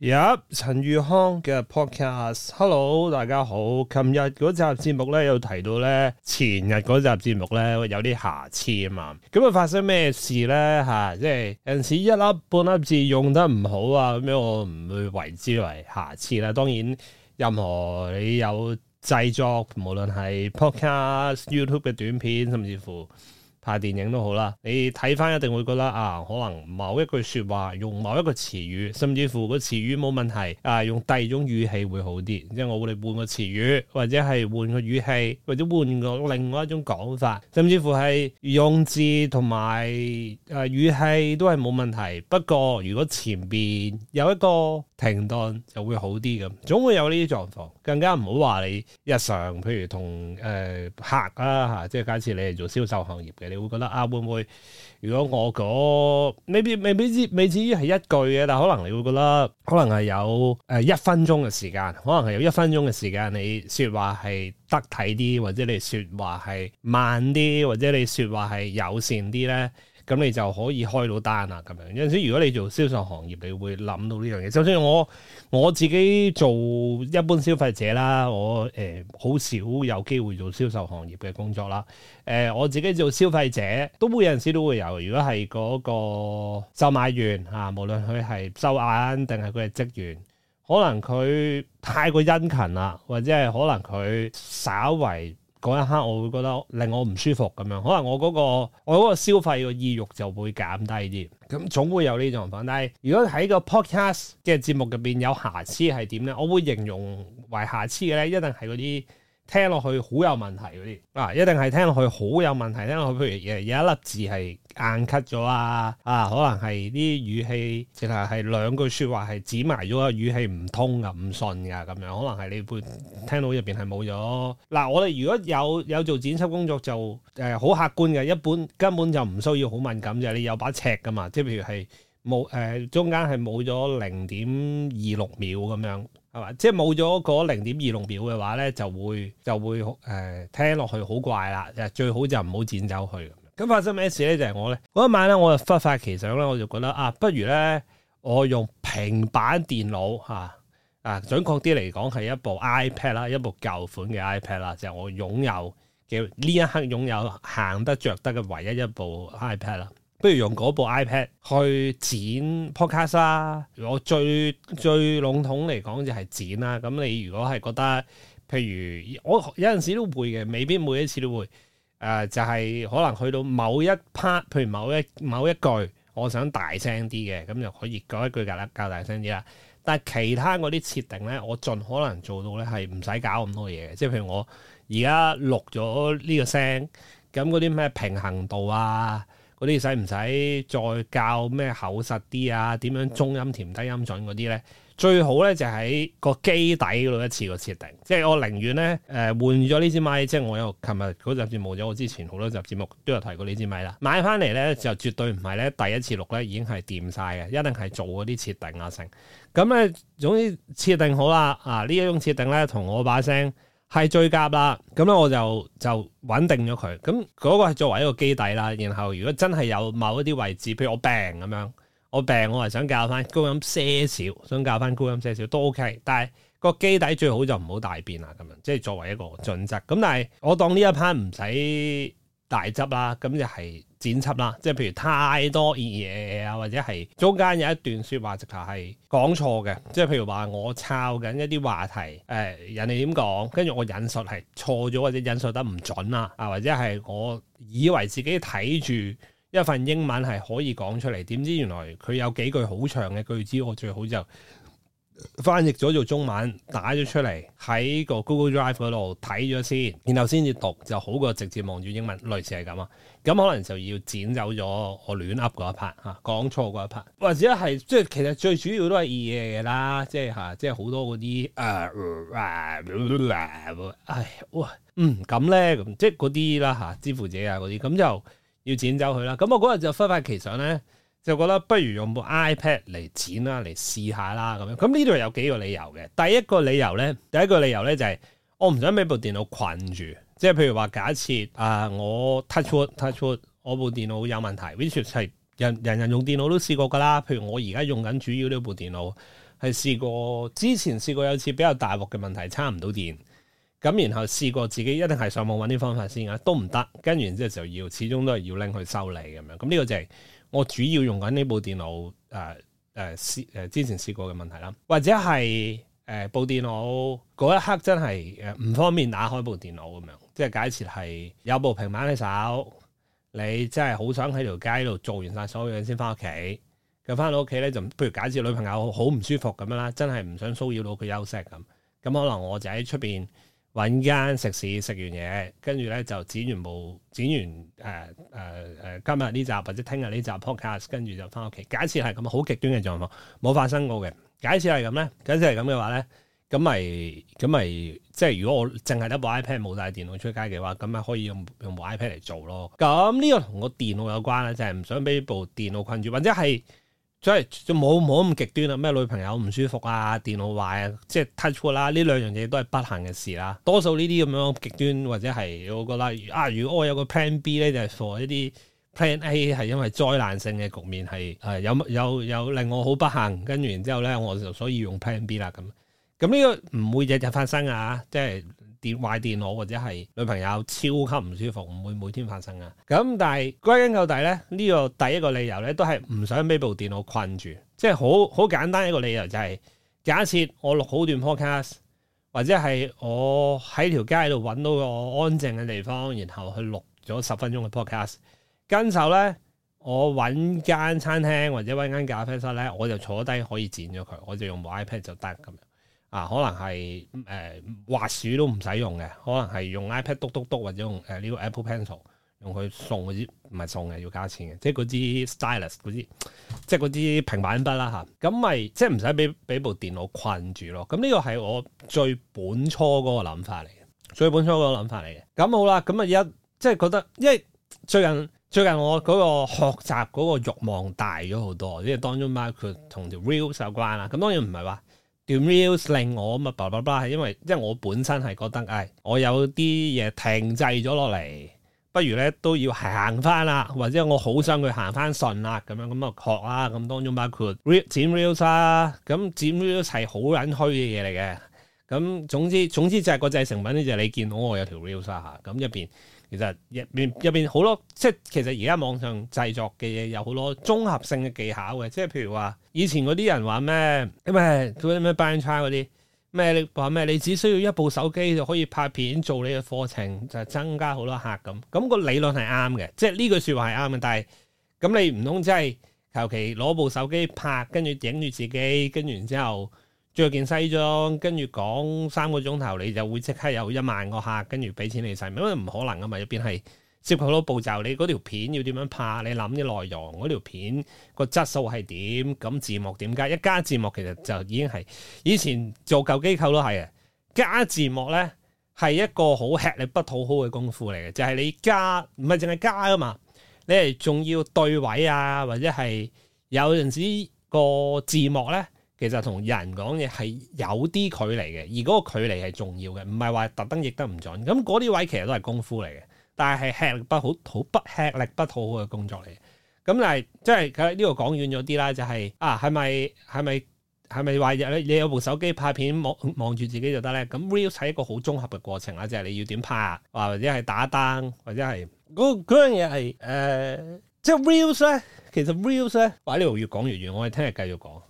呀陳宇康嘅 podcast，Hello，大家好。琴日嗰集節目咧有提到咧，前日嗰集節目咧有啲瑕疵啊嘛。咁、嗯、啊發生咩事咧？吓、啊，即係有陣時一粒半粒字用得唔好啊，咁樣我唔會為之為瑕疵啦。當然，任何你有製作，無論係 podcast、YouTube 嘅短片，甚至乎，拍電影都好啦，你睇返一定會覺得啊，可能某一句説話用某一個詞語，甚至乎個詞語冇問題啊，用第二種語氣會好啲。即係我會嚟換個詞語，或者係換個語氣，或者換個另外一種講法，甚至乎係用字同埋誒語氣都係冇問題。不過如果前邊有一個停頓就會好啲咁，總會有呢啲狀況。更加唔好話你日常，譬如同誒、呃、客啦嚇、啊，即係假設你係做銷售行業嘅，你會覺得啊，會唔會如果我嗰未必未必未至於係一句嘅，但可能你會覺得可能係有誒一分鐘嘅時間，可能係有一分鐘嘅時間，你説話係得體啲，或者你説話係慢啲，或者你説話係友善啲咧。咁你就可以開到單啦，咁樣有陣時如果你做銷售行業，你會諗到呢樣嘢。就算我我自己做一般消費者啦，我誒好、欸、少有機會做銷售行業嘅工作啦。誒、欸、我自己做消費者都會，有陣時都會有。如果係嗰個售賣員啊，無論佢係收銀定係佢係職員，可能佢太過殷勤啦，或者係可能佢稍為。嗰一刻我會覺得令我唔舒服咁樣，可能我嗰個我嗰個消費嘅意欲就會減低啲，咁總會有呢種情況。但係如果喺個 podcast 嘅節目入邊有瑕疵係點咧？我會形容為瑕疵嘅咧，一定係嗰啲。聽落去好有問題嗰啲啊，一定係聽落去好有問題。聽落去譬如有一粒字係硬 cut 咗啊，啊可能係啲語氣直頭係兩句説話係剪埋咗啊，語氣唔通噶，唔順噶咁樣，可能係你會聽到入邊係冇咗。嗱、啊，我哋如果有有做剪輯工作就誒好、呃、客觀嘅，一般根本就唔需要好敏感啫，你有把尺噶嘛，即係譬如係。冇誒，中間係冇咗零點二六秒咁樣，係嘛？即係冇咗嗰零點二六秒嘅話咧，就會就會誒、呃、聽落去好怪啦。其實最好就唔好剪走去。咁發生咩事咧？就係、是、我咧嗰一晚咧，我就忽發奇想啦，我就覺得啊，不如咧我用平板電腦吓啊，準確啲嚟講係一部 iPad 啦，一部舊款嘅 iPad 啦，就係我擁有嘅呢一刻擁有行得着得嘅唯一一,一部 iPad 啦。不如用嗰部 iPad 去剪 podcast 啦。我最最籠統嚟講就係剪啦。咁你如果係覺得，譬如我有陣時都會嘅，未必每一次都會。誒、呃，就係、是、可能去到某一 part，譬如某一某一句，我想大聲啲嘅，咁就可以講一句㗎喇，較大聲啲啦。但係其他嗰啲設定咧，我盡可能做到咧係唔使搞咁多嘢嘅。即係譬如我而家錄咗呢個聲，咁嗰啲咩平衡度啊？嗰啲使唔使再教咩口厚實啲啊，點樣中音甜、低音準嗰啲咧，最好咧就喺個基底嗰度一次個設定。即係我寧願咧誒、呃、換咗呢支咪。即係我有琴日嗰集節目咗，我之前好多集節目都有提過呢支咪啦。買翻嚟咧就絕對唔係咧第一次錄咧已經係掂晒嘅，一定係做嗰啲設定啊，成咁咧總之設定好啦啊。呢一種設定咧同我把聲。係最夾啦，咁咧我就就穩定咗佢，咁嗰，個係作為一個基底啦。然後如果真係有某一啲位置，譬如我病咁樣，我病我係想教翻高音些少，想教翻高音些少都 OK。但係，個基底最好就唔好大變啦，咁樣即係作為一個準則。咁但係我當呢一 part 唔使大執啦，咁就係、是。剪輯啦，即係譬如太多嘢啊，或者係中間有一段説話直頭係講錯嘅，即係譬如話我抄緊一啲話題，誒、呃、人哋點講，跟住我引述係錯咗或者引述得唔準啦，啊或者係我以為自己睇住一份英文係可以講出嚟，點知原來佢有幾句好長嘅句子，我最好就，翻譯咗做中文，打咗出嚟喺個 Google Drive 嗰度睇咗先，然後先至讀就好過直接望住英文，類似係咁啊。咁、嗯、可能就要剪走咗我亂噏嗰一 part 吓，講錯嗰一 part，或者係即係其實最主要都係二嘢嘅啦，即係吓、啊，即係好多嗰啲誒，係嗯，咁咧咁即係嗰啲啦吓，支付者啊嗰啲，咁就要剪走佢啦。咁、嗯、我嗰日就翻翻其上咧。就覺得不如用部 iPad 嚟剪啦，嚟試下啦咁樣。咁呢度有幾個理由嘅。第一個理由咧，第一個理由咧就係、是、我唔想俾部電腦困住。即係譬如話假設啊、呃，我 touch wood, touch wood, 我部電腦有問題，which 係人人人用電腦都試過噶啦。譬如我而家用緊主要呢部電腦係試過，之前試過有次比較大鑊嘅問題，叉唔到電。咁然後試過自己一定係上網揾啲方法先啊，都唔得。跟完之後就要始終都係要拎去修理咁樣。咁呢個就係、是。我主要用緊呢部電腦誒誒試誒之前試過嘅問題啦，或者係誒部電腦嗰一刻真係誒唔方便打開部電腦咁樣，即係假設係有部平板喺手，你真係好想喺條街度做完晒所有嘢先翻屋企，咁翻到屋企咧就，譬如假設女朋友好唔舒服咁樣啦，真係唔想騷擾到佢休息咁，咁可能我就喺出邊。揾間食肆食完嘢，跟住咧就剪完冇剪完，誒誒誒今日呢集或者聽日呢集 podcast，跟住就翻屋企。假設係咁好極端嘅狀況冇發生過嘅，假設係咁咧，假設係咁嘅話咧，咁咪咁咪即係如果我淨係得部 iPad 冇帶電腦出街嘅話，咁咪可以用用部 iPad 嚟做咯。咁呢個同個電腦有關咧，就係、是、唔想俾部電腦困住，或者係。即係就冇冇咁極端啦，咩女朋友唔舒服啊，電腦壞啊，即係 touch 啦，呢兩樣嘢都係不幸嘅事啦。多數呢啲咁樣極端或者係我覺得，如啊，如果我有個 plan B 咧，就係、是、for 一啲 plan A 係因為災難性嘅局面係係有有有，有令我好不幸，跟住然之後咧我就所以用 plan B 啦。咁咁呢個唔會日日發生啊，即係。壞電壞電腦或者係女朋友超級唔舒服，唔會每天發生噶。咁但係歸根究底咧，呢、這個第一個理由咧，都係唔想俾部電腦困住，即係好好簡單一個理由就係、是、假設我錄好段 podcast，或者係我喺條街度揾到個安靜嘅地方，然後去錄咗十分鐘嘅 podcast，跟手咧我揾間餐廳或者揾間咖啡室咧，我就坐低可以剪咗佢，我就用部 iPad 就得咁樣。啊，可能係誒、呃、滑鼠都唔使用嘅，可能係用 iPad 篤篤篤或者用誒呢個 Apple Pencil 用佢送嗰啲，唔係送嘅要加錢嘅，即係嗰啲 stylus 嗰啲，即係嗰啲平板筆啦嚇，咁咪即係唔使俾俾部電腦困住咯。咁、啊、呢個係我最本初嗰個諗法嚟嘅，最本初嗰個諗法嚟嘅。咁好啦，咁啊而家即係覺得，因為最近最近我嗰個學習嗰個慾望大咗好多，即係當中包括同條 Real 有關啦。咁當然唔係話。條 reels 令我咁啊，叭叭叭，因為因為我本身係覺得，唉，我有啲嘢停滯咗落嚟，不如咧都要行翻啦，或者我好想佢行翻順啦，咁樣咁啊學啦，咁當中包括 reels，剪 reels 啊，咁剪 reels 係好隱虛嘅嘢嚟嘅。咁總之總之就係個製成品咧，就係、你見到我有條 reels 咁、啊、入邊其實入邊入邊好多，即係其實而家網上製作嘅嘢有好多綜合性嘅技巧嘅。即係譬如話，以前嗰啲人話咩，唔咩 bantry 啲咩話咩，你只需要一部手機就可以拍片做你嘅課程，就增加好多客咁。咁、個理論係啱嘅，即係呢句説話係啱嘅。但係咁你唔通即係求其攞部手機拍，跟住影住自己，跟住然之後。着件西裝，跟住講三個鐘頭，你就會即刻有一萬個客，跟住俾錢你使，因為唔可能噶嘛。入邊係接好多步驟，你嗰條片要點樣拍，你諗啲內容，嗰條片個質素係點，咁字幕點加？一加字幕其實就已經係以前做舊機構都係嘅。加字幕咧係一個好吃力不討好嘅功夫嚟嘅，就係、是、你加唔係淨係加噶嘛，你係仲要對位啊，或者係有陣時個字幕咧。其實同人講嘢係有啲距離嘅，而嗰個距離係重要嘅，唔係話特登譯得唔準。咁嗰啲位其實都係功夫嚟嘅，但係係吃力不好，好不吃力不討好嘅工作嚟。咁但係即係佢呢度講遠咗啲啦，就係、是、啊係咪係咪係咪話有你有部手機拍片望望住自己就得咧？咁 reels 係一個好綜合嘅過程啊，即係你要點拍，或者係打燈，或者係嗰樣嘢係誒，即係 reels 咧。其實 reels 咧擺呢度越講越遠，我哋聽日繼續講。